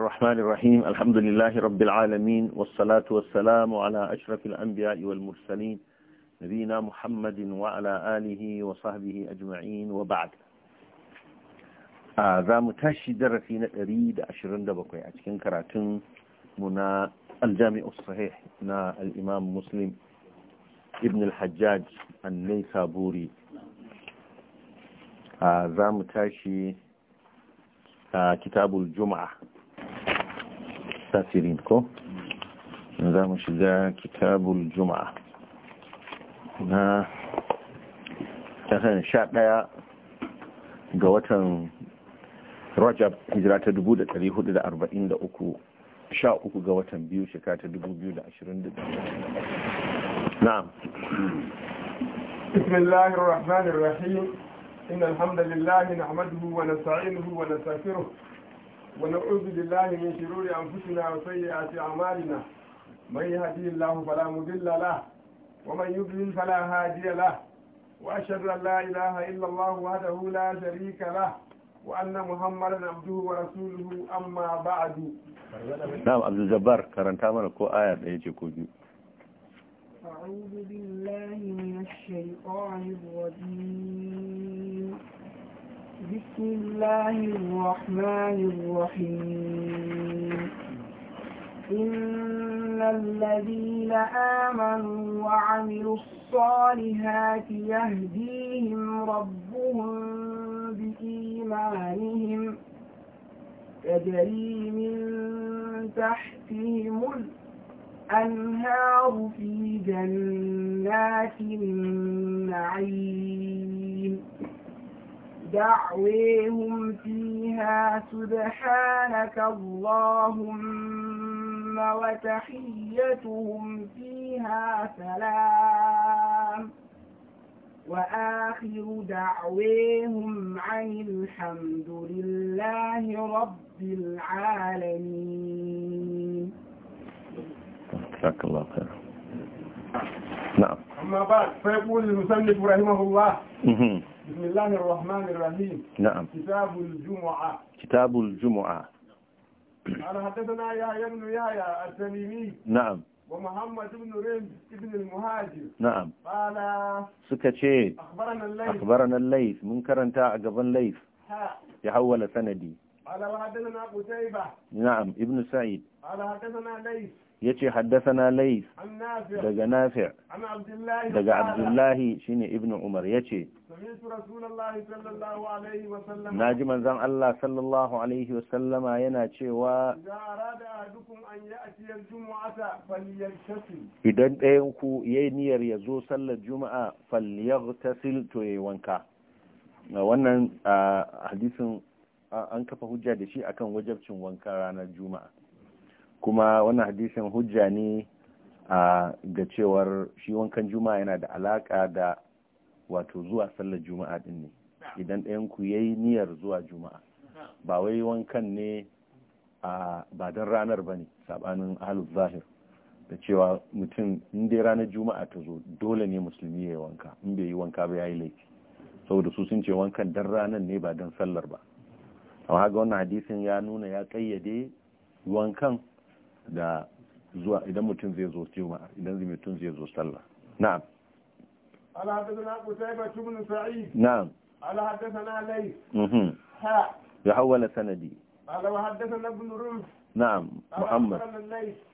الرحمن الرحيم الحمد لله رب العالمين والصلاة والسلام على أشرف الأنبياء والمرسلين نبينا محمد وعلى آله وصحبه أجمعين وبعد ذا متاشي درسينا أريد أشرين دبقوي أتكن كراتن منا الجامع الصحيح نا الإمام مسلم ابن الحجاج النيسابوري ذا متاشي كتاب الجمعة satirin ko za mu shiga kitabul juma'a na sha ɗaya ga watan rajab hijira ta uku sha uku ga watan biyu shekara ta 2021 na'am بسم الله الرحمن الرحيم إن الحمد لله نحمده ونستعينه ونستغفره ونعوذ بالله من شرور أنفسنا وسيئات أعمالنا من يهدي الله فلا مضل له ومن يضلل فلا هادي له وأشهد أن لا إله إلا الله وحده لا شريك له وأن محمدا عبده ورسوله أما بعد نعم عبد الجبار كرنتا من كو آية يجي كو أعوذ بالله من الشيطان الرجيم بسم الله الرحمن الرحيم إن الذين آمنوا وعملوا الصالحات يهديهم ربهم بإيمانهم تجري من تحتهم الأنهار في جنات النعيم دعويهم فيها سبحانك اللهم وتحيتهم فيها سلام وآخر دعويهم عن الحمد لله رب العالمين جزاك الله خير نعم أما بعد فيقول المسلم رحمه الله بسم الله الرحمن الرحيم نعم كتاب الجمعة كتاب الجمعة أنا حدثنا يحيى بن يا التميمي نعم ومحمد بن رمز ابن المهاجر نعم قال سكتشي أخبرنا الليث أخبرنا الليث منكر انت قبل الليث يحول سندي قال وحدثنا قتيبة نعم ابن سعيد قال حدثنا ليث ya ce haddasana lais daga nafi' daga abdullahi shine ibnu umar ya ce na ji manzan Allah sallallahu alaihi wasallama yana cewa idan ɗayanku ya yi niyyar ya zo sallar juma'a falyaghtasil to ya yi wanka wannan hadisin an kafa hujja da shi akan wajabcin wanka ranar juma'a kuma wannan hadisin hujja ne a ga cewar shi wankan juma'a yana da alaka da wato zuwa sallar juma'a din ne idan ɗayan ku ya yi niyyar zuwa juma'a ba wai wankan ne ba don ranar ba ne saɓanin Alif zahir da cewa mutum in dai ranar juma'a ta zo dole ne musulmi ya yi wanka in bai yi wanka ba ya yi laifi saboda su sun ce wankan dan ranar ne ba don sallar ba amma ga wannan hadisin ya nuna ya kayyade wankan da zuwa idan mutum zai zo juma'a idan zai mutum zai zo sallah na'am ala hadathana qutayba ibn sa'id na'am ala hadathana lay mhm ha ya hawala sanadi ala hadathana ibn rumh نعم محمد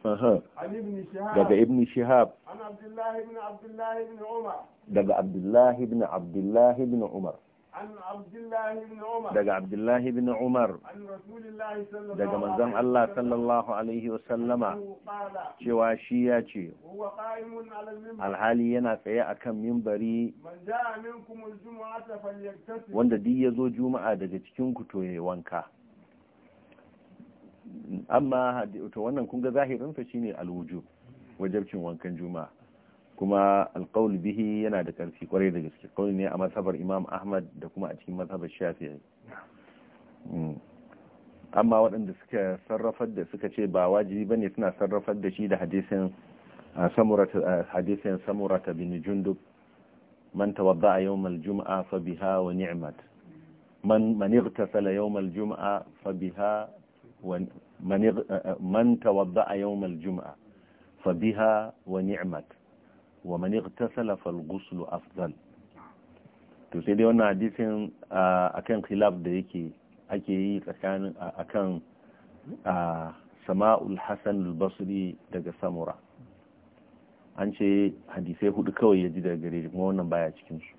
اها عن ابن شهاب دقى ابن Shihab. عن عبد الله بن عبد الله بن عمر دقى عبد الله بن daga abdullahi bin umar daga manzon Allah sallallahu alaihi wasallama cewa shi ya ce alhali yana tsaye a kan mimbari wanda duk ya zo juma'a daga cikin kuto ya wanka amma to wannan kunga zahirinsa ne alwujub wajabcin wankan juma'a kuma alƙawul bihi yana da ƙarfi kwarai da gaske ƙauli ne a masabar imam ahmad da kuma a cikin masabar shafi'i mm. amma waɗanda suka sarrafar da suka ce ba wajibi ba ne suna sarrafar da shi da hadisin samurata bin jundub man tawadda a mal juma'a fa biha wa ni'mat man ta ightasala a yau fa biha juma'a fa biha wa ni'mat wa mani tasala falguslu afzal to sai dai wannan hadisin akan khilaf da yake ake yi tsakanin akan sama'ul hasan al-basri daga samura an ce hadisai hudu kawai ya ji daga gare kuma wannan baya cikin su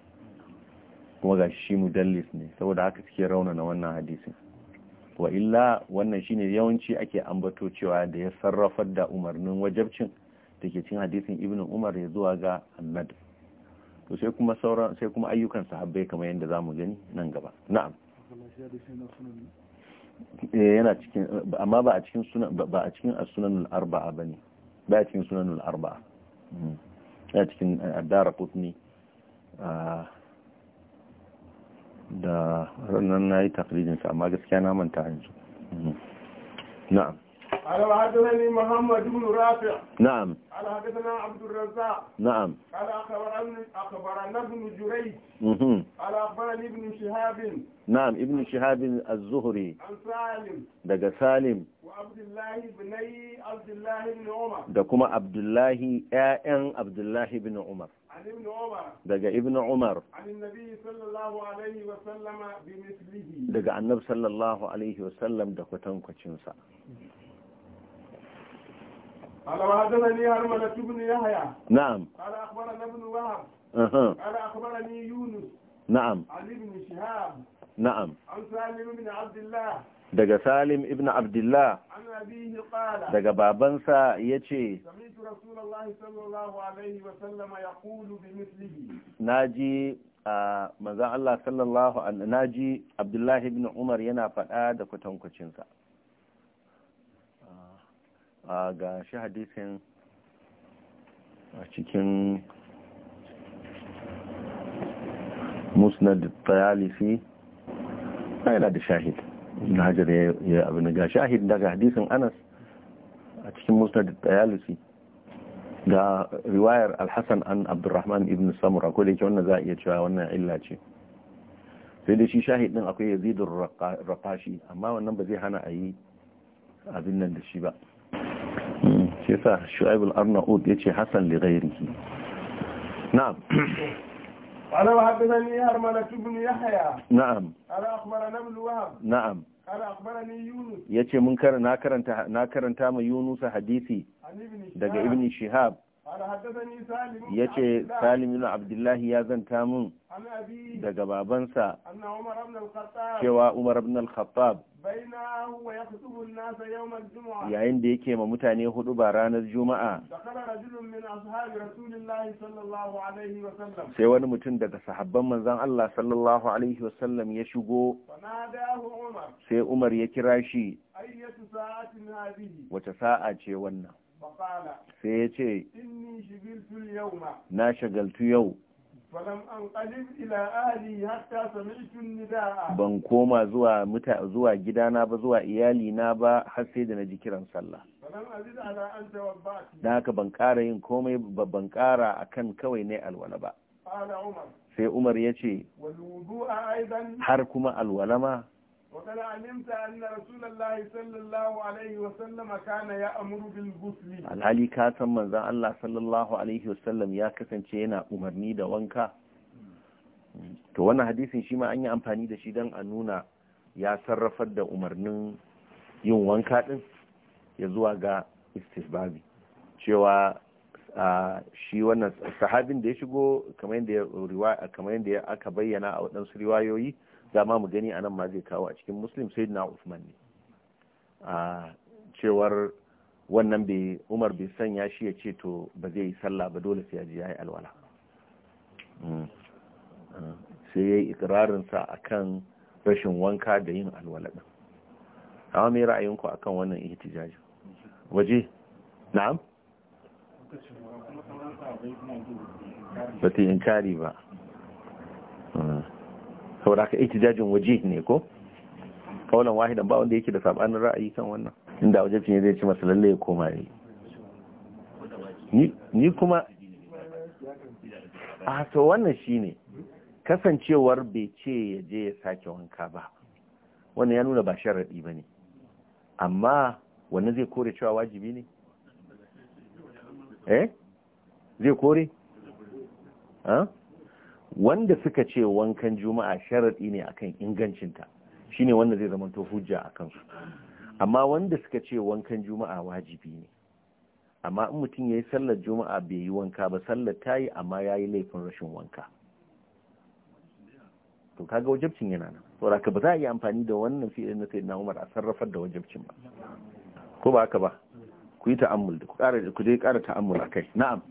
kuma ga shi mudallis ne saboda haka suke rauna na wannan hadisin wa illa wannan shine yawanci ake ambato cewa da ya sarrafa da umarnin wajabcin da ke cin hadisin ibn umar ya zuwa ga annad to sai kuma sauran sai kuma ayyukan sahabbai kamar yadda zamu gani nan gaba na'am eh, yana cikin amma ba a cikin sunan ba a cikin as-sunanul arba'a bane ba a cikin sunanul arba'a hmm. yana cikin eh, ad-dara ah, da ranar na yi takrijinsa amma gaskiya na manta yanzu hmm. na'am قال حدثني محمد بن رافع نعم قال حدثنا عبد الرزاق نعم قال اخبرنا اخبرنا ابن جريج قال اخبرني ابن شهاب نعم ابن شهاب الزهري عن سالم دقى سالم وعبد الله بن عبد الله بن عمر دكما عبد الله ان عبد الله بن عمر عن ابن عمر دقى ابن عمر عن النبي صلى الله عليه وسلم بمثله دقى النبي صلى الله عليه وسلم دكتنكو تشنسا قال وحدثني هرملة بن يحيى نعم قال أخبرنا ابن وهب قال أخبرني يونس نعم عن ابن شهاب نعم عن سالم بن عبد الله daga Salim ibn Abdullah daga babansa ya ce, Naji a manzan Allah sallallahu naji Abdullah ibn Umar yana faɗa da kwatankwacinsa. ga shi hadisin a cikin musnad tayalisi na yana da shahid na hajjar ya abin ga shahid daga hadisin anas a cikin musnad tayalisi ga riwayar alhassan an abdurrahman ibn samura ko da yake wannan za a iya cewa wannan illa ce sai da shi shahid din akwai yazidun rafashi amma wannan ba zai hana a yi abin nan da shi ba shi yasa shu'aib al-arnaud yace hasan li ghairihi na'am ana ni armana ibn yahya na'am ana akhbara nam luwab na'am akhbara ni yunus yace mun karanta na karanta ma yunus hadisi daga ibn shihab ya ce salim na abdullahi ya zanta mun daga babansa cewa umar ibn al-khattab yayin da yake ma mutane hudu ba ranar juma'a sai wani mutum daga sahabban manzan Allah sallallahu alaihi wasallam ya shigo sai umar ya kira shi wace sa'a ce wannan sai ya ce na shagaltu yau ban koma zuwa muta zuwa gidana ba zuwa iyalina ba har sai da na ji kiran sallah da haka ban ƙara yin komai ba ban ƙara akan kawai ne alwala ba sai umar ya ce har kuma alwala ma وقد علمت أن رسول الله صلى الله عليه وسلم كان يأمر بالغسل العلي كاتم من ذا الله صلى الله عليه وسلم يا كسن شينا أمرني دا وانكا to wannan hadisin shi ma an yi amfani da shi don a nuna ya sarrafar da umarnin yin wanka din ya zuwa ga istihbabi cewa shi wannan sahabin da ya shigo kamar yadda aka bayyana a waɗansu riwayoyi dama mu gani anan ma zai kawo a cikin muslim sai na usman ne a cewar wannan bai umar bai sanya shi ya ce to ba zai yi sallah ba dole sai ya ji ya yi alwala mm. sai ya yi ikirarinsa a kan rashin wanka da yin alwala ɗin amma mai ra'ayinku a kan wannan ihtijajin waje na'am ba ta kari ba saboda haka ihtijajin waje ne ko kaulan wahidan ba wanda yake da sabanin ra'ayi kan wannan inda wajibci ne zai ci masa lalle ya koma ne ni kuma a to wannan shine kasancewar bai ce ya je ya sake wanka ba wannan ya nuna ba sharaɗi ba ne amma wannan zai kore cewa wajibi ne eh zai kore? wanda suka ce wankan juma'a sharaɗi ne akan ingancinta shine wanda zai to hujja a kansu amma wanda suka ce wankan juma'a wajibi ne amma in mutum ya yi sallar juma'a bai yi wanka ba sallar ta yi amma ya yi laifin rashin wanka to kaga wajabcin yana nan to raka ba za a yi amfani da wannan fi'ilin na sayyidina Umar a sarrafar da wajabcin ba ko ba haka ba ku yi ta'ammul ku ƙara ku dai ƙara ta'ammul akai na'am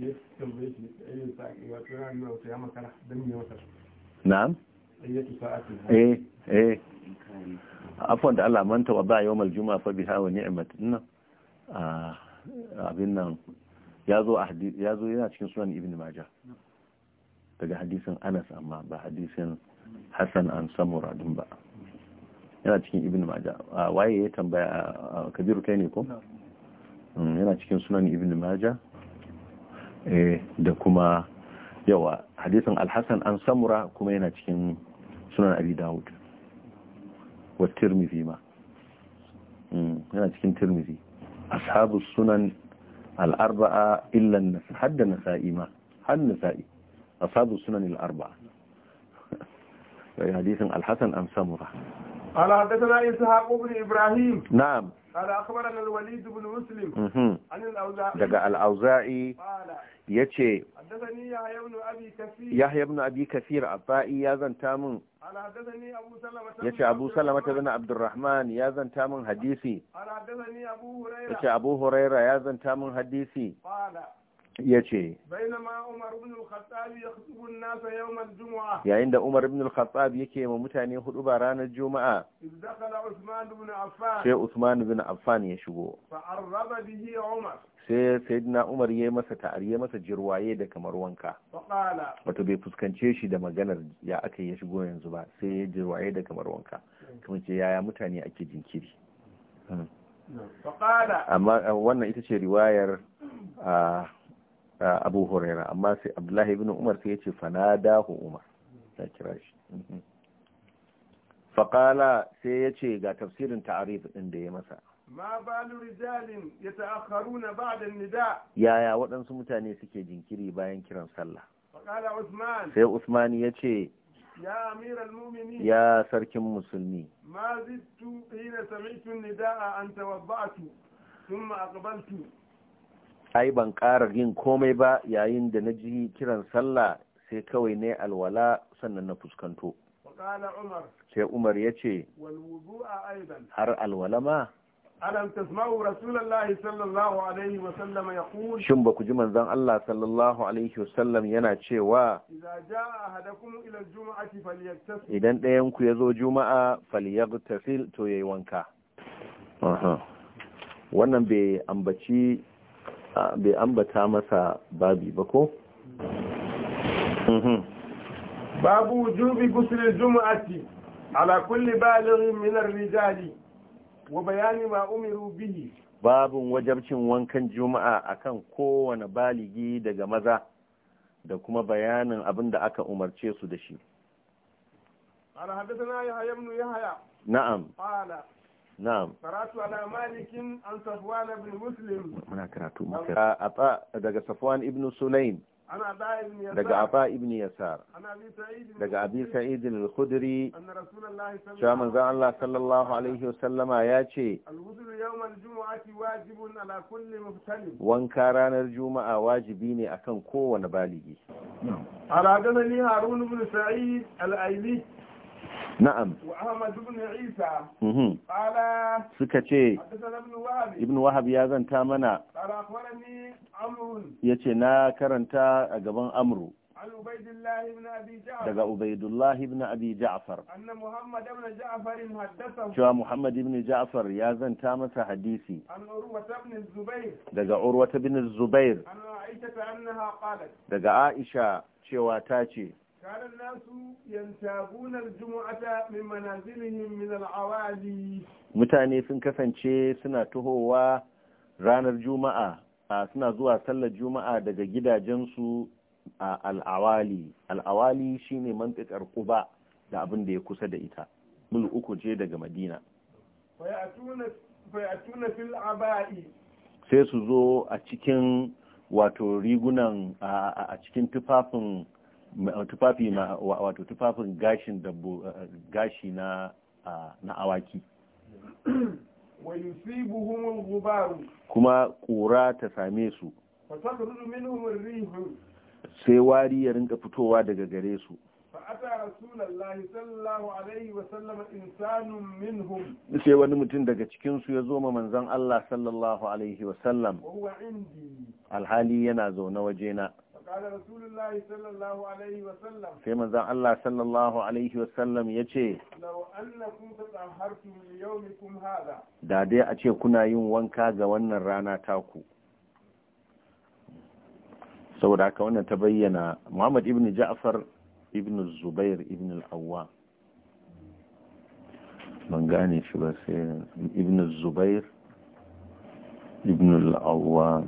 ya tambaye shi ayyun sa'i wato yana nuna ya makara don me makara na'am ayyatu sa'atin eh, eh. ba yawmal juma'a fa biha wa ni'mat nan ah, abin nan ya zo yana cikin sunan ibnu majah daga hadisin anas amma ba hadisin hasan an samura din ba yana cikin ibn majah ah, waye ya tambaya ah, kabiru kai ne ko mm, yana cikin sunan ibnu majah Eh, da kuma yawa hadisin alhassan an samura kuma yana cikin sunan abi dawud wa tirmizi ma hmm, yana cikin tirmizi ashabu sunan al'arba'a illan nasa hadda nasa'i ma har nasa'i ashabu sunan al'arba'a hadisin alhassan an samura قال حدثنا إسحاق بن إبراهيم نعم قال أخبرنا الوليد بن مسلم عن الأوزاعي دقاء الأوزاعي قال ya ce yahya ibn abi kafir abba'i ya zanta min ya ce abu salamata bin abdurrahman ya zanta min hadisi ya ce abu huraira ya zanta min hadisi ya ce yayin da umar ibn al-khattab yake ma mutane hudu ba ranar juma'a sai usman ibn affan ya shigo sai sayyidina umar ya masa ta'ar ya masa jirwaye da kamar wanka wato bai fuskance shi da maganar ya aka ya shigo yanzu ba sai ya jirwaye da kamar wanka kuma ce yaya mutane ake jinkiri amma eh, wannan ita ce riwayar a ah, abu huraira amma sai abdullahi ibn umar sai ya ce fanadahu umar ta kira shi mhm. faƙala sai ya ce ga tafsirin ta'arif din da ya masa ma balu rijalin ya ta'akharuna ba'da nida yaya waɗansu mutane suke jinkiri bayan kiran sallah faƙala usman sai usman ya ce ya amiral mu'minin ya sarkin musulmi ma zittu hina sami'tu nida'a an tawabba'tu thumma aqbaltu ai ban ƙara yin komai ba yayin da na ji kiran sallah sai kawai ne alwala sannan na fuskanto sai umar ya ce har alwala ma alam tasma'u rasulullahi sallallahu alaihi wa sallam yaqul shin ba ku ji manzon Allah sallallahu alaihi wa sallam yana cewa idan ɗayan ku yazo juma'a falyaghtasil to yayi wanka wannan bai ambaci bai ambata masa babi ba ko mhm. babu wujubi gusulil juma'ati ala kulli balighin min ar-rijali wa bayani ma umiru bihi babun wajabcin wankan juma'a akan kowane baligi daga maza da kuma bayanin abin da aka umarce su da shi. Ala Yahya ibn Yahya. Na'am. na'am karatu ala malikin an safwan ibn muslim muna karatu muka ata daga safwan ibn sulaim daga ata ibn yasar daga abi sa'id al-khudri cewa manzon Allah sallallahu alaihi ya ce wanka ranar juma'a wajibi ne kan kowane baligi ala hadana ni harun ibn sa'id al na'am mhm. suka ce ibn wahab ya zanta mana ya ce na karanta a gaban amru daga ubaidullah ibn abi ja'far cewa muhammad ibn ja'far ya zanta masa hadisi daga urwata bin zubair daga aisha cewa ta ce كان الناس ينتابون الجمعة من منازلهم من العوالي متاني sun kasance suna tuhowa ranar juma'a suna zuwa sallar juma'a daga gidajensu a al'awali al'awali shine mantikar kuba da abin da ya kusa da ita mil uku ce daga madina fayatuna fil aba'i sai su zo a cikin wato rigunan a cikin tufafin tufafi ma wato tufafin gashin dabbo gashi na na awaki wa yusibuhum al-ghubar kuma kura ta same su fa takhruju minhum ar-rih sai wari ya rinka fitowa daga gare su فأتى رسول الله صلى الله عليه وسلم إنسان منهم sai wani mutum daga cikin su ya zo ma manzon Allah sallallahu alaihi wa sallam alhali yana zaune wajena sai mazan Allah sallallahu alaihi wasallam ya ce da dai a ce kuna yin wanka ga wannan rana taku saboda haka wannan ta bayyana Muhammad ibn Ja'far ibn Zubair ibn al-Awwa man gane shi ba sai ibn Zubair ibn al-Awwa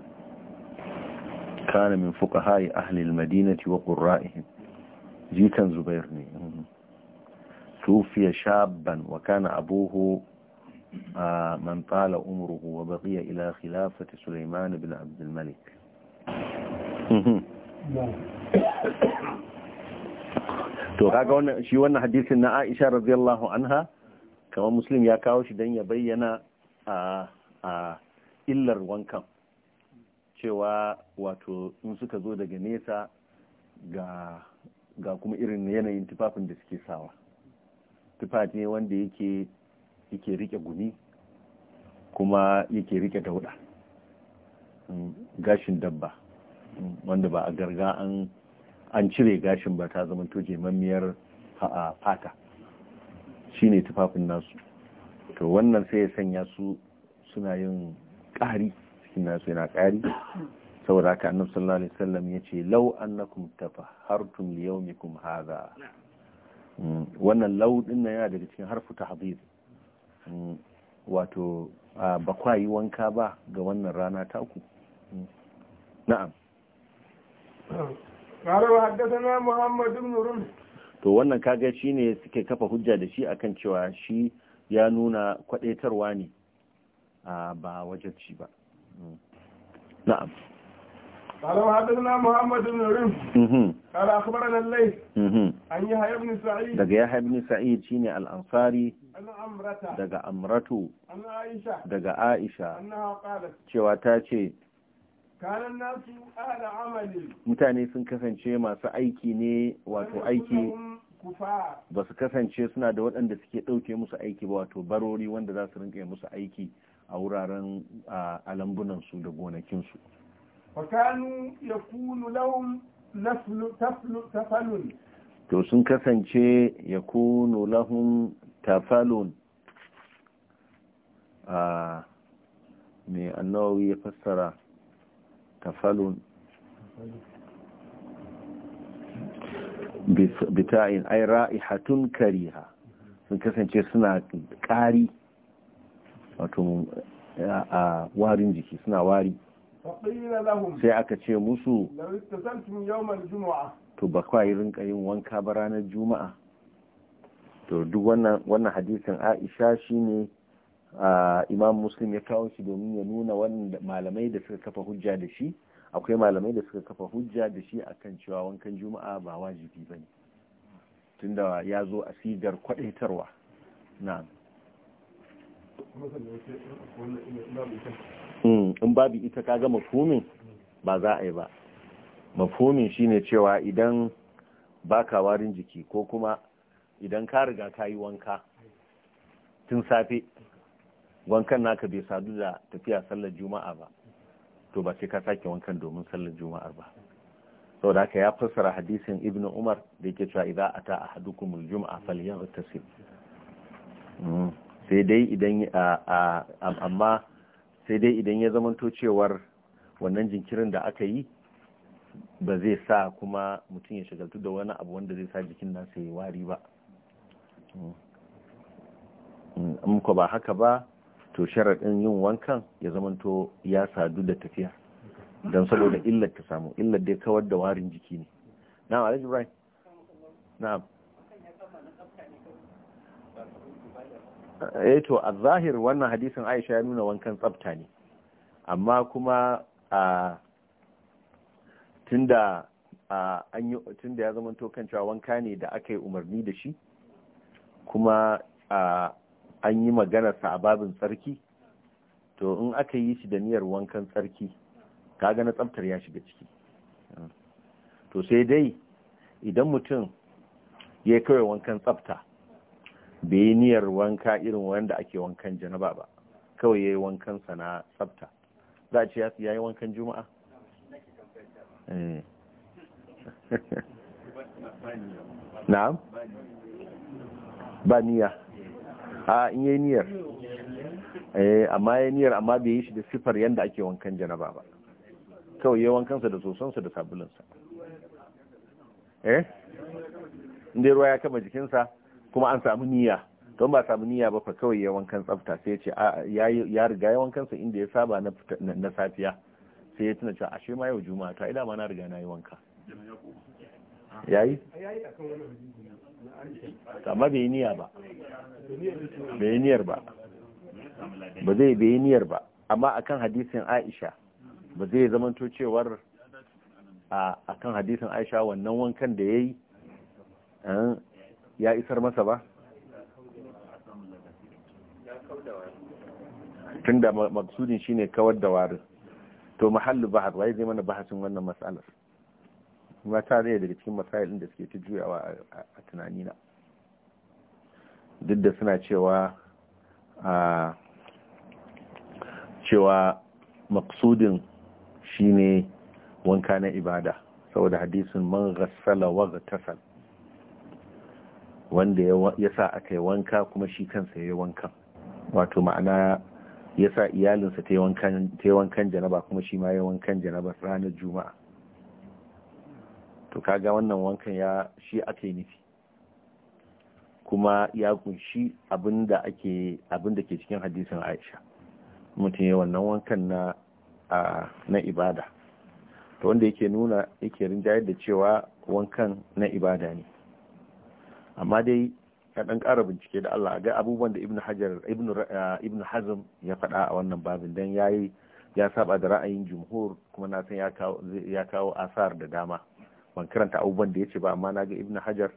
كان من فقهاء أهل المدينة وقرائهم جيتا زبيرني توفي شابا وكان أبوه من طال أمره وبقي إلى خلافة سليمان بن عبد الملك to kaga wannan shi wannan hadisin na Aisha radiyallahu anha kamar muslim ya kawo shi dan ya bayyana a illar wankan cewa wato in suka zo daga nesa ga kuma irin yanayin tufafin da suke sawa tufafi ne wanda yake yake rike gumi kuma yake rike dauda mm, gashin dabba mm, wanda ba a garga an an cire gashin ba ta zama to jemammiyar fata Shi ne tufafin nasu to wannan sai ya sanya su suna yin ƙari arzikin nasu yana ƙari saboda haka annabi sallallahu alaihi wasallam yace law annakum tafahartum li yawmikum hadha mm, wannan law din nan yana daga cikin harfu tahdhir mm, wato ba kwa yi wanka ba ga wannan rana taku mm, na'am قال وحدثنا Muhammad ibn Rum. to wannan kaga ne suke kafa hujja da shi akan cewa shi ya nuna kwadaitarwa ne ba ba shi ba نعم قال حدثنا محمد بن رمح قال اخبرنا الليث عن يحيى بن سعيد دغ يحيى بن سعيد شيني الانصاري ان امرته دغ امرته ان عائشه دغ عائشه انها قالت الناس اهل عمل متاني sun kasance masu aiki ne wato aiki ba su kasance suna da waɗanda suke ɗauke musu aiki ba wato barori wanda za su rinƙa musu aiki a wuraren a su da gonakinsu fakanu ya kunu lahum tafalun to sun kasance ya kunu lahum tafalun a mai annawi ya fassara tafalun bita'in ai ra'ihatun kariha sun kasance suna ƙari wato a warin jiki suna wari sai aka ce musu to ba kwa yi rinka yin wanka ba ranar juma'a to duk wannan hadisin aisha shi shine imam muslim ya kawo shi domin ya nuna wannan malamai da suka kafa hujja da shi akwai malamai da suka kafa hujja da shi akan cewa wankan juma'a ba wajibi ba ne tunda ya zo a sigar kwadaitarwa na'am Hmm, in babu ita kaga mafumin ba za a yi ba mafumin shine cewa idan baka warin jiki ko kuma idan ka riga ka yi wanka tun safe wankan naka bai sadu da tafiya sallar juma'a ba to ba sai ka sake wankan domin sallar juma'ar ba saboda haka ya fassara hadisin ibnu umar da yake cewa idan ata ahadukumul juma'a falyantasil mm sai dai idan amma sai dai idan ya zamanto cewar wannan jinkirin da aka yi ba zai sa kuma mutum ya shagaltu da wani abu wanda zai sa jikin nasa ya wari ba mm. in ko ba haka ba to sharaɗin yin wankan ya zamanto ya sadu da tafiya don saboda illar ta samu illar dai kawar da warin jiki ne na'am alhaji ibrahim na'am eh to a zahir wannan hadisin Aisha ya nuna wankan tsafta ne amma kuma a tunda an yi tunda ya zama to kan cewa wanka ne da aka yi umarni da shi kuma an yi magana sa a babin tsarki to in aka yi shi da niyyar wankan tsarki kaga na tsaftar ya shiga ciki to sai dai idan mutum ya kawai wankan tsafta bai yi niyyar wanka irin wanda ake wankan janaba ba kawai ya yi wankansa na tsafta za a ce ya yi wankan juma'a eh. na'am ba niyya a in yi niyyar eh, amma ya niyyar amma bai yi shi da sifar yadda ake wankan janaba ba kawai ya wankansa da sosansa da sabulinsa eh inda ruwa ya kama jikinsa kuma an samu niyya don ba samu niyya ba fa kawai ya wankan tsafta sai ya ce ya riga ya wankan sa inda ya saba na safiya sai ya tuna cewa ashe ma yau juma'a ta ma na riga na yi wanka yayi amma bai niyya ba bai niyyar ba ba zai bai niyyar ba amma akan hadisin Aisha ba zai to cewar a akan hadisin Aisha wannan wankan da yayi eh, ya isar masa ba tun da maksudin ne kawar da warin to mahallu bahar waye zai mana bahasin wannan matsalar kuma ta zai daga cikin matsayin da suke ta juyawa a tunanina duk da suna cewa a cewa maksudin ne wanka na ibada saboda hadisin man ghassala wa gatasal wanda ya sa aka yi wanka kuma shi kansa ya yi wankan wato ma'ana ya sa iyalinsa ta yi wankan janaba kuma shi ma ya yi wankan janaba ranar juma'a to kaga wannan wankan ya shi aka yi nufi kuma ya kunshi abinda ake ke cikin hadisin aisha mutum ya wannan wankan na na ibada to wanda yake nuna yake rinjayar da cewa wankan na ibada ne amma dai ka dan kara bincike da Allah ga abubuwan da Ibn Hajar eh, Ibn Hazm ya faɗa a wannan babin dan yayi ya saba da ra'ayin jumhur kuma na san ya kawo ya kawo asar da dama ban karanta abubuwan da yace ba amma na ga Ibn Hajar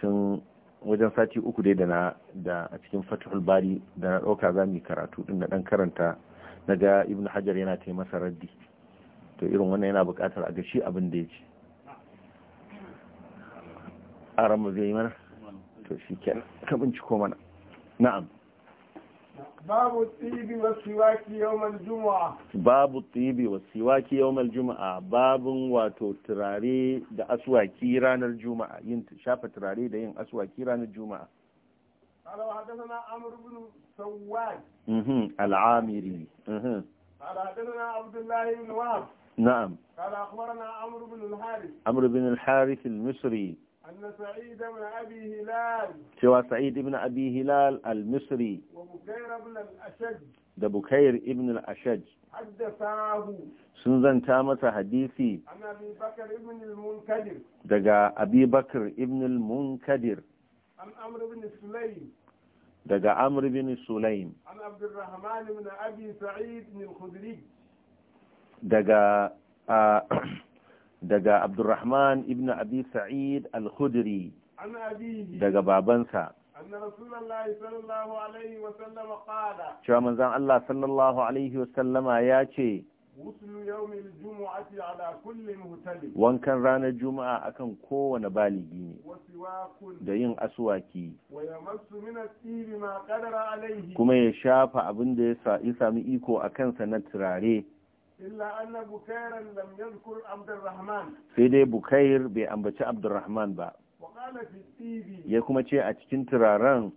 tun wajen sati uku dai da na da a cikin Fathul Bari da na ɗauka za karatu din na dan karanta na ga Ibn Hajar yana taimasa raddi to irin wannan yana buƙatar a ga shi abin da yace a rama zai yi mana to shi kenan ka binciko mana na'am babu tibi wa siwaki yawmal juma'a babu tibi wa siwaki yawmal juma'a babun wato turare da aswaki ranar juma'a yin shafa turare da yin aswaki ranar juma'a قال وحدثنا عمرو بن سواد العامري قال حدثنا عبد الله بن وهب نعم قال اخبرنا عمرو بن الحارث عمرو بن الحارث المصري أن سعيد بن أبي هلال سوى سعيد بن أبي هلال المصري وبكير بن الأشج ده بكير ابن الأشج حدثاه سنزن تامة حديثي عن أبي بكر ابن المنكدر دقى أبي بكر ابن المنكدر عن أمر بن سليم daga Amr bin Sulaim. Daga daga Abdurrahman ibn Abi Sa'id al-Khudri daga babansa cewa manzan Allah sallallahu Alaihi wasallama ya ce wankan ranar juma'a akan kowane baligi ne da yin asuwaki kuma ya shafa abin da ya sami iko a kansa na turare sai dai bukair bai ambaci abdurrahman ba ya kuma ce a cikin turaren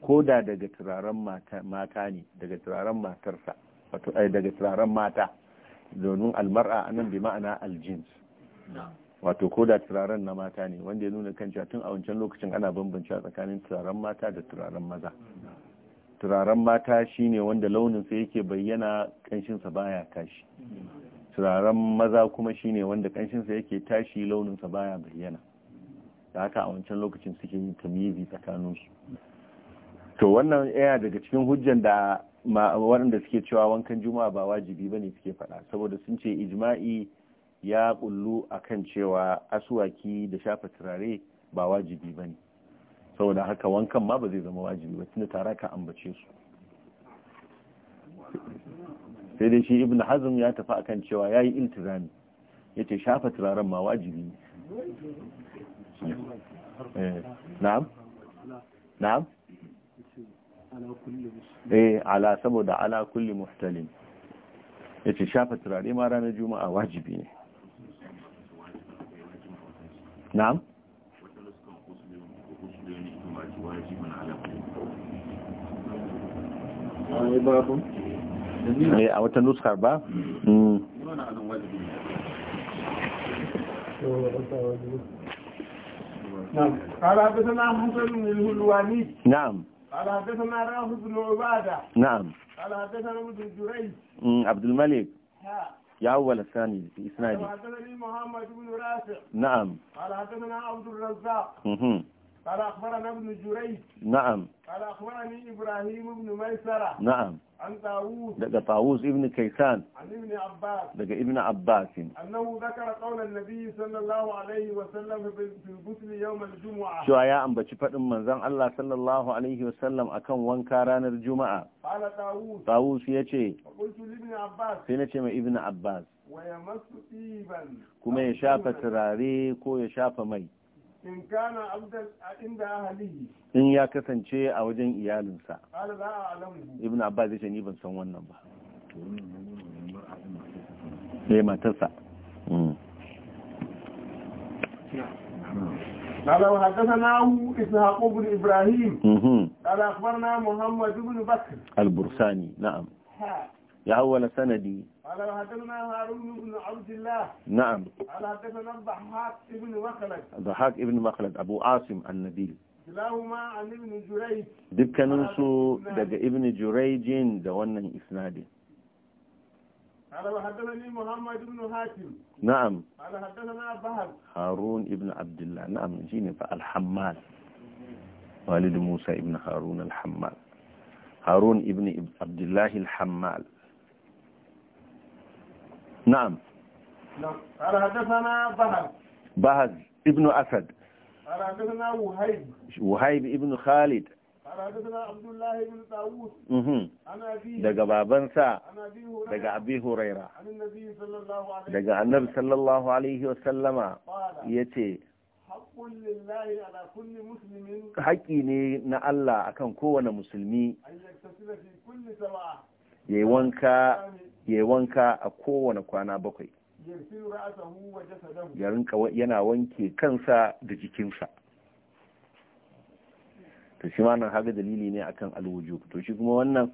ko da daga turaren mata ne daga turaren matarsa wato eh, daga turaren mata domin almar'a anan bi ma'ana aljins wato ko da turaren na mata ne wanda ya nuna kan tun a wancan lokacin ana bambanci tsakanin turaren mata da turaren maza turaren mata shi ne wanda launinsa yake bayyana ƙanshinsa baya tashi turaren maza kuma shi ne wanda ƙanshinsa yake tashi launinsa baya bayyana da haka a wancan lokacin suke yin tamizi tsakaninsu to wannan yana daga cikin hujjan da waɗanda suke cewa wankan juma'a ba wajibi bane suke faɗa saboda sun ce ijma'i ya kullu akan cewa asuwaki da shafa turare ba wajibi bane saboda haka wankan ma ba zai zama wajibi ba tunda tara ka ambace su sai dai shi ibn hazm ya tafi akan cewa yayi iltizami yace shafa turaren ma wajibi ne eh, na'am na'am eh ala saboda ala kulli muhtalim yace shafa turare ma ranar juma'a wajibi ne na'am إيه، نعم قال حدثنا نعم قال حدثنا بن عبادة نعم قال حدثنا عبد الملك يا أول الثاني في إسنادي محمد بن رافع نعم قال حدثنا عبد الرزاق قال أخبرنا ابن جريج نعم قال أخبرني إبراهيم بن ميسرة نعم عن طاووس دقى طاووس ابن كيسان عن ابن عباس دقى ابن عباس أنه ذكر قول النبي صلى الله عليه وسلم في الغسل يوم الجمعة شو يا أم بشفت من زن الله صلى الله عليه وسلم أكم وانكاران الجمعة قال طاووس طاووس يتي قلت لابن عباس سنتي ما ابن عباس ويمس طيبا كما يشاف تراري كو يشاف مي in kana abdan inda ahlihi in ya kasance a wajen iyalinsa ibn abbas zai ce ni ban san wannan ba ne eh, matarsa قال وحدثنا إسحاق بن إبراهيم قال أخبرنا محمد بن بكر البرساني نعم يا أول سندي قال وحدثنا هارون بن عبد الله نعم قال حدثنا الضحاك ابن مخلد الضحاك ابن مخلد أبو عاصم النبيل كلاهما عن ابن جريج دكنسو دق ابن جريج دوانا إسنادي قال وحدثني محمد بن هاشم نعم قال حدثنا بهر هارون ابن عبد الله نعم جيني فالحمال والد موسى ابن هارون الحمال هارون ابن عبد الله الحمال نعم قال حدثنا بهز بهز ابن أسد قال حدثنا وهيب وهيب ابن خالد daga babansa daga abi huraira daga annabi sallallahu alaihi wasallama ya ce haƙƙi ne na Allah akan kowane musulmi ya yi wanka ya wanka a kowane kwana bakwai ya rinka yana wanke kansa da jikinsa to shi ma nan haga dalili ne akan alwuju. to shi kuma wannan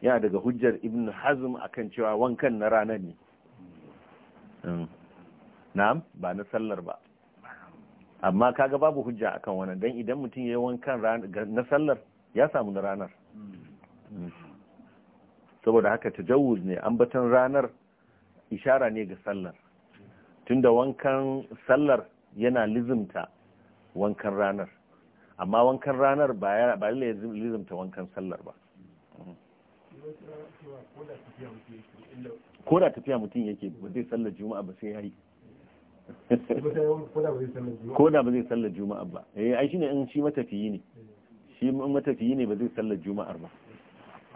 yana daga hujjar ibn hazm akan cewa wankan na ranar ne hmm. na'am ba na sallar ba amma kaga babu hujja akan wannan dan idan mutum ya yi wankan na sallar ya samu na ranar hmm. saboda haka tajawuz ne ambaton ranar ishara ne ga sallar tunda wankan sallar yana lizimta wankan ranar amma wankan ranar ba ya lizimta wankan sallar ba ko da tafiya mutum yake ba zai sallar juma'a ba sai ya yi ko da ba zai sallar juma'a ba eh ai shine in shi matafiyi ne shi matafiyi ne ba zai sallar juma'ar ba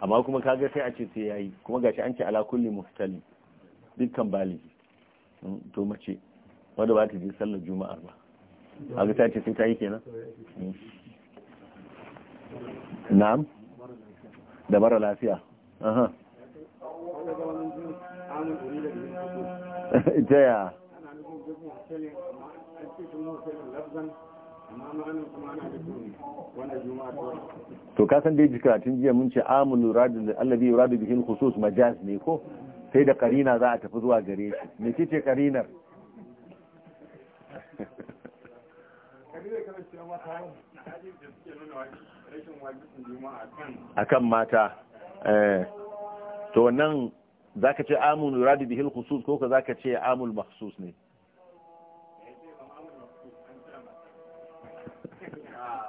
amma kuma kaga sai a ce sai yayi kuma gashi an ce ala kulli muhtalim dukkan baligi hmm, to mace wanda ba ta je sallar juma'ar ba sai ta ce sai ta yi kenan hmm. na'am da mara lafiya aha ita ya to kasan da ya ji karatun jiya mun ce amul yuradu allazi yuradu bihi khusus majaz ne ko sai da karina za a tafi zuwa gare shi me kike karinar akan mata eh. to wannan zaka ce amul radu bihi khusus ko ka zaka ce amul mahsus ne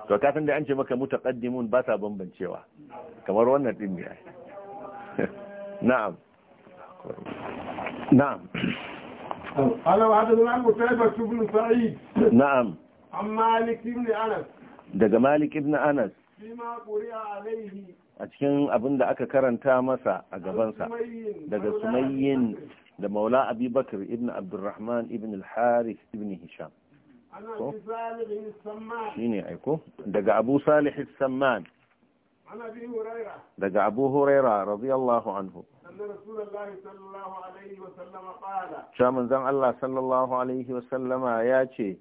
to ka san da an ce maka mutaqaddimun ba sa bambancewa kamar wannan din ne na'am na'am قال وحدثنا قتيبة بن sa'id na'am amma malik ibn anas daga Malik ibn Anas a cikin abin da aka karanta masa a gabansa daga Sumayyin da Maula abubakar ibn Abdurrahman ibn al-Harith ibn Hisham ne aiko daga abu salih samman daga abu huraira radiyallahu anhu shaman zan Allah sallallahu alaihi wasallama ya ce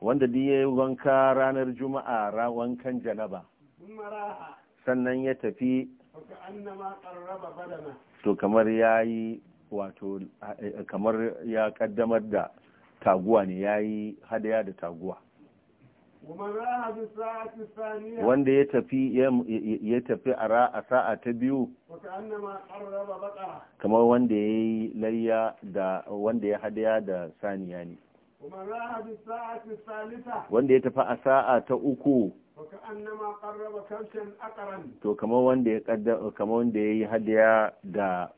wanda duk ya yi wanka ranar juma'a wankan janaba sannan ya tafi to kamar ya yi wato eh, kamar ya kaddamar da taguwa ne ya yi hadaya da taguwa wanda ya tafi ya tafi a sa'a ta biyu kamar wanda ya yi layya da wanda ya hadaya da saniya ne wanda ya tafi a sa'a ta uku to kamar wanda ya kamar wanda ya yi hadaya da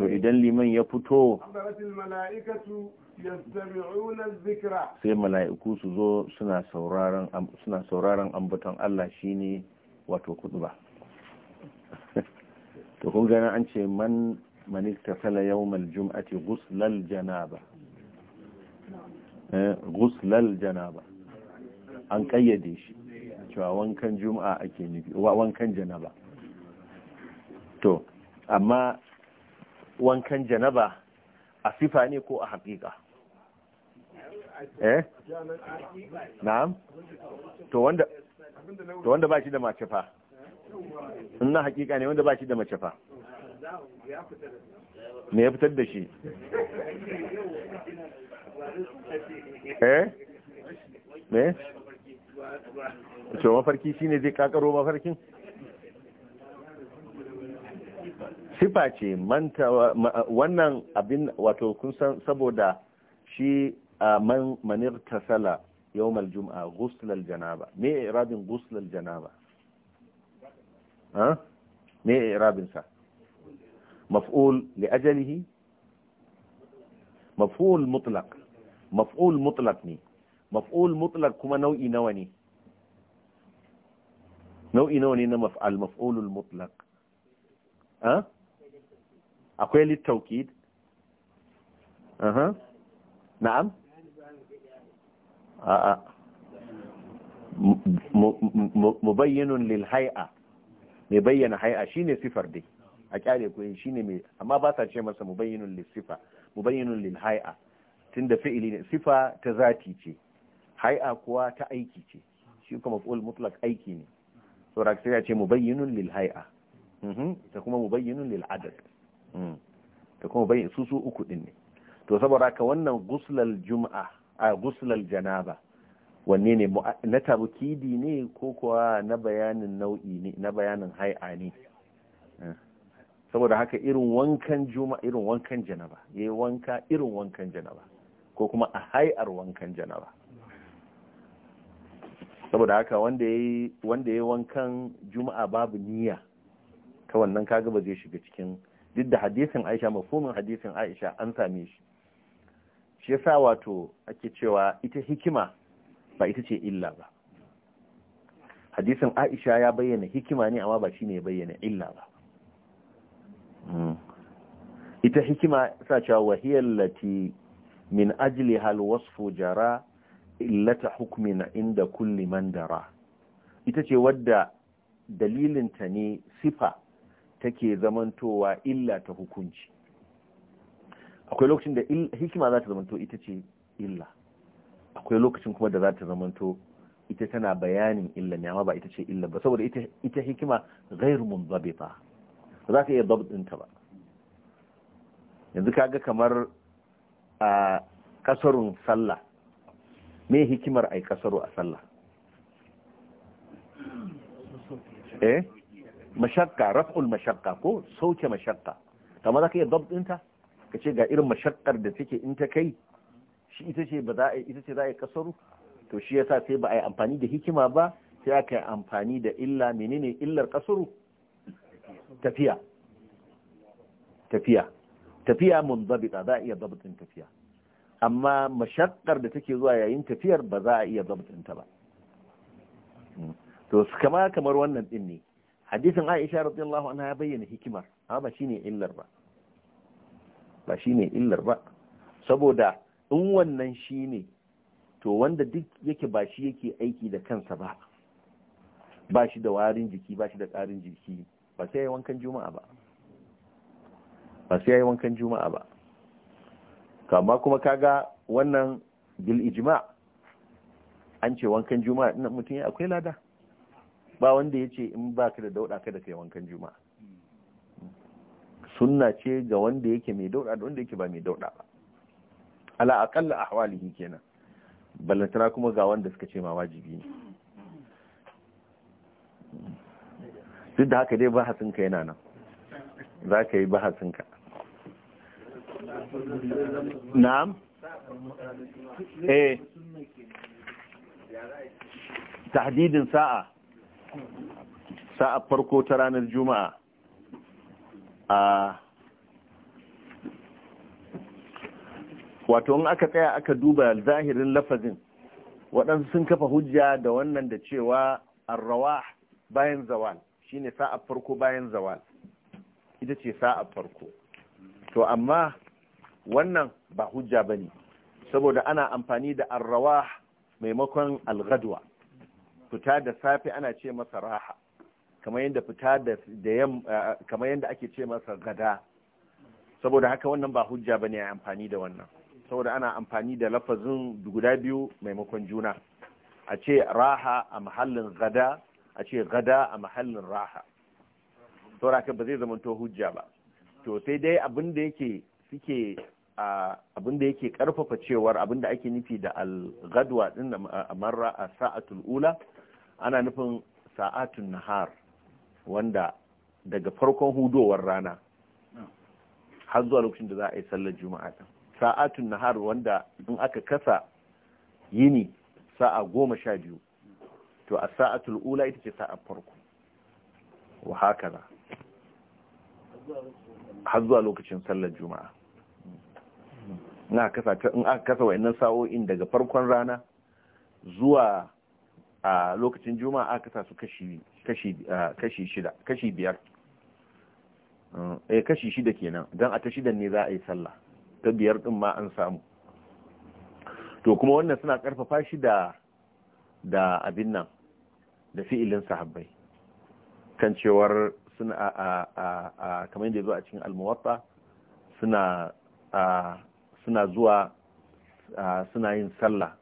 to idan liman ya fito sai mala'iku su zo suna sauraren ambaton Allah shi ne wato kudu ba to kun gana an ce man manista sala yawmal jum'ati guslal janaba eh, guslal ba an kayyade shi cewa wankan juma'a ake nufi wankan jana ba to amma wankan janaba a sifa ne ko a haƙiƙa eh na'am to wanda to wanda ba shi da mace fa in na haƙiƙa ne wanda ba shi da mace fa me ya fitar da shi eh me to mafarki shine zai kakaro mafarkin sifa ce wannan abin wato kun san saboda shi man manir tasala yau jum'a ghusl al janaba me irabin ghusl al janaba ha me irabin sa maf'ul li ajalihi maf'ul mutlaq maf'ul mutlaq ne maf'ul mutlaq kuma nau'i nawa ne nau'i nawa ne na maf'al maf'ulul mutlaq ha akwai littaukid na'am a'a mubayyinun lil hay'a mai bayyana hay'a shine sifar dai a kyale ku shine mai amma ba sa ce masa mubayyinun lil sifa mubayyinun lil hay'a tunda fi'ili ne sifa ta zati ce hay'a kuwa ta aiki ce shi kuma maf'ul mutlaq aiki ne saboda sai ya ce mubayyinun lil hay'a mhm. ta kuma mubayyinun lil adad Mm. da kuma bai su su uku din ne to saboda haka wannan guslal jum'a a guslal janaba wanne ne na tabkidi ne ko kuwa na bayanin nau'i ne na bayanin hai'a ne eh. saboda haka irin wankan Juma'a, irin wankan janaba yayi wanka irin wankan janaba ko kuma a hai'ar wankan janaba saboda haka wanda yayi wanda yayi wankan juma'a babu niyya ka wannan kaga ba zai shiga cikin duk da hadisin aisha mafhumin hadisin aisha an same shi shi yasa wato ake cewa ita hikima ba ita ce illa ba hadisin aisha ya bayyana hikima ne amma ba shine ya bayyana illa ba hmm. ita hikima sa cewa wahiyar lati min ajli hal wasfu jara illata hukmin inda kulli man dara ita ce wadda dalilinta ne sifa take zamantowa illa ta hukunci akwai lokacin da hikima za ta zamanto ita ce illa akwai lokacin kuma da za ta zamanto ita tana bayanin illa ne amma ba ita ce illa ba saboda ita hikima mun zabe ba za ka iya zabdinta ba yanzu kaga kamar a kasarun sallah me hikimar a yi kasaru a sallah eh mashakka raf'ul mashakka ko sauke mashakka kamar za ka iya dab ga irin mashakkar da take in ta kai shi ita ce ba za a ita ce za a kasaru to shi yasa sai ba a yi amfani da hikima ba sai aka yi amfani da illa menene illar kasaru tafiya tafiya tafiya mun zabita za a iya tafiya amma mashakkar da take zuwa yayin tafiyar ba za a iya zabitin ta ba hmm. to kamar kamar wannan din ne hadisin Aisha radiyallahu anha ya bayyana hikimar ba shine illar ba ba shine illar ba saboda in wannan shine to wanda duk yake ba shi yake aiki da kansa ba ba shi da warin jiki ba shi da tsarin jiki ba sai yayi wankan juma'a ba ba sai yayi wankan juma'a ba kama kuma kaga wannan bil ijma' an ce wankan juma'a din mutum ya akwai lada ba wanda ya ce in ba ka da dauɗa kada da kai wankan juma'a sunna ce ga wanda yake mai dauɗa da wanda yake ba mai dauɗa ba ala aƙalla a kenan ballantana kuma ga wanda suka ce ma wajibi ne duk da haka dai ka yana nan za ka yi ka na'am eh tahdidin sa'a sa'a farko ta ranar juma'a a wato in aka tsaya aka duba zahirin lafazin waɗansu sun kafa hujja da wannan da cewa arrawa bayan zawal shine sa'a farko bayan zawal ita ce sa'a farko to amma wannan ba hujja bane saboda ana amfani da arrawa maimakon algadwa fita da safe ana ce masa raha kamar yadda fita da yam kamar yadda ake ce masa gada saboda haka wannan ba hujja bane a amfani da wannan saboda ana amfani da lafazin guda biyu maimakon juna a ce raha a mahallin gada a ce gada a mahallin raha saboda haka ba zai zama to hujja ba to sai dai abin da yake suke abin da yake karfafa cewar abin da ake nufi da al-gadwa din marra a sa'atul ula ana nufin sa'atun nahar wanda daga farkon hudowar rana har zuwa lokacin da za a yi sallar juma'a ta, sa'atun nahar wanda in aka kasa yini sa'a goma sha biyu to a sa'atul ula ita ce sa'a farko wa haka za, har zuwa lokacin sallar juma'a na kasa in aka kasa wa'annan sa'o'in daga farkon rana zuwa a lokacin juma'a aka sa su kashi shida biyar mm, eh kashi shida kenan dan a ta shidan ne za a yi sallah ta biyar din ma an samu to kuma wannan suna karfafa shi da da abin nan da fi'ilin sahabbai kan cewar suna a a a kamar yadda zo a cikin almuwatta suna a suna zuwa suna yin sallah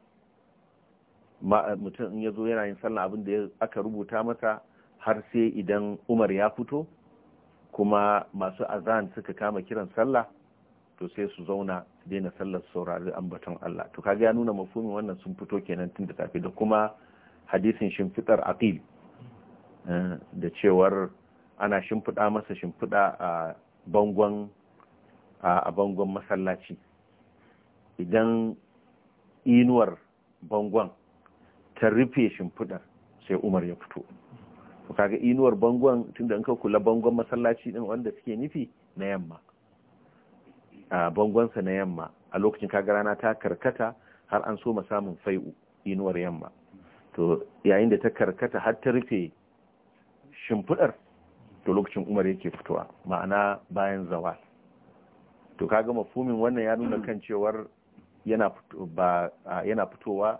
mutum in ya zo yana yin sallah abin da aka rubuta masa har sai idan umar ya fito kuma masu azan suka kama kiran sallah to sai su zauna su daina sallar saurari ambaton Allah to kaga ya nuna mafumin wannan sun fito kenan tun da tafi da kuma hadisin shimfitar aqil eh, da cewar ana shimfiɗa masa shimfiɗa a bangon a bangon masallaci idan inuwar bangon ta rufe shimfiɗar sai umar ya fito to kaga inuwar bangon tunda in ka kula bangon masallaci din wanda suke nufi na yamma a bangonsa na yamma a lokacin kaga rana ta karkata har an so samun fai'u inuwar yamma to yayin da ta karkata har ta rufe shimfiɗar to lokacin umar yake fitowa ma'ana bayan zawal to kaga mafumin wannan ya nuna kan cewar yana fitowa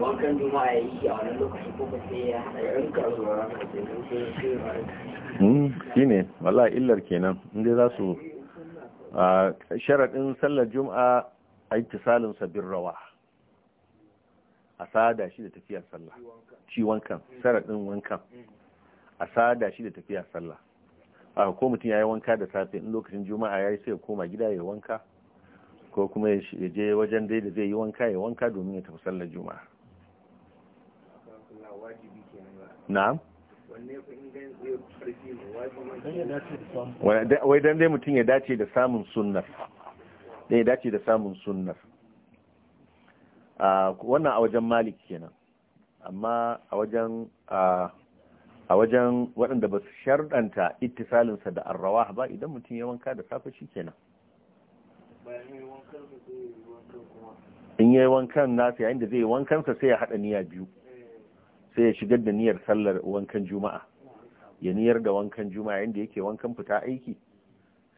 wankan juma'a yi a wani lokaci kuma sai ya haɗa rinka zuwa ranka hmm, shi ne wala illar kenan inda za su A sharaɗin sallar juma'a a yi tisalin sabbin rawa a sada shi da tafiyar sallah shi wankan sharaɗin wankan a sada shi da tafiyar sallah a ko mutum ya yi wanka da safe in lokacin juma'a ya yi sai ya koma gida ya wanka ko kuma ya je wajen dai da zai yi wanka ya wanka domin ya tafi sallar juma'a na'am wai dan dai mutum ya dace da samun sunnar dan ya dace da samun sunnar wannan a wajen malik kenan amma a wajen a wajen waɗanda ba su sharɗanta ittisalinsa da arrawah ba idan mutum ya wanka da safe shi kenan in yi wankan nasa yayin da zai yi wankansa sai ya haɗa niyya biyu sai ya shigar da niyyar sallar wankan juma'a ya niyyar da wankan juma'a inda yake wankan fita aiki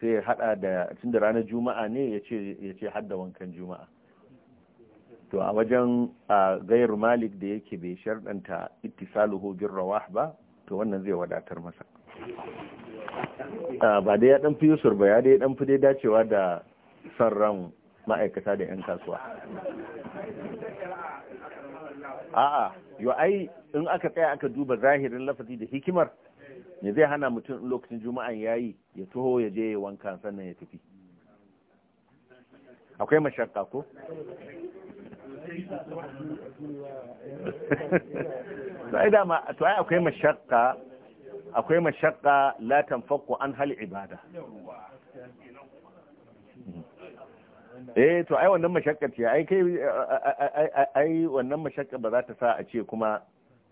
sai ya hada da tun da ranar juma'a ne ya ce hada wankan juma'a to a wajen a gayar malik da yake bai sharɗanta ittisaluhu hujjar rawah ba to wannan zai wadatar masa ba dai ya dan fi yusur ba ya dai dan fi dai dacewa da son ran ma'aikata da 'yan kasuwa a'a yo ai in aka tsaya aka duba zahirin lafazi da hikimar me zai hana mutum lokacin juma'an yayi ya taho ya je ya wanka sannan ya tafi akwai mashakka ko sai dama to ai akwai mashakka akwai mashakka la tanfaku an hal ibada eh to ai wannan mashakka ce ai kai ai wannan mashakka ba za ta sa a ce kuma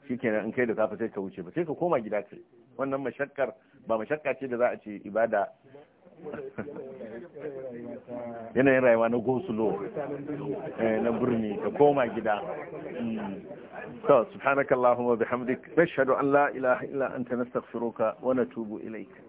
shikenan in kai da safe sai ka wuce ba sai ka koma gida kai wannan mashakkar ba mashakka ce da za a ce ibada yanayin rayuwa na gosulo eh, na birni ka koma gida hmm. to subhanakallahumma bihamdik nashhadu an la ilaha illa anta nastaghfiruka wa natubu ilayk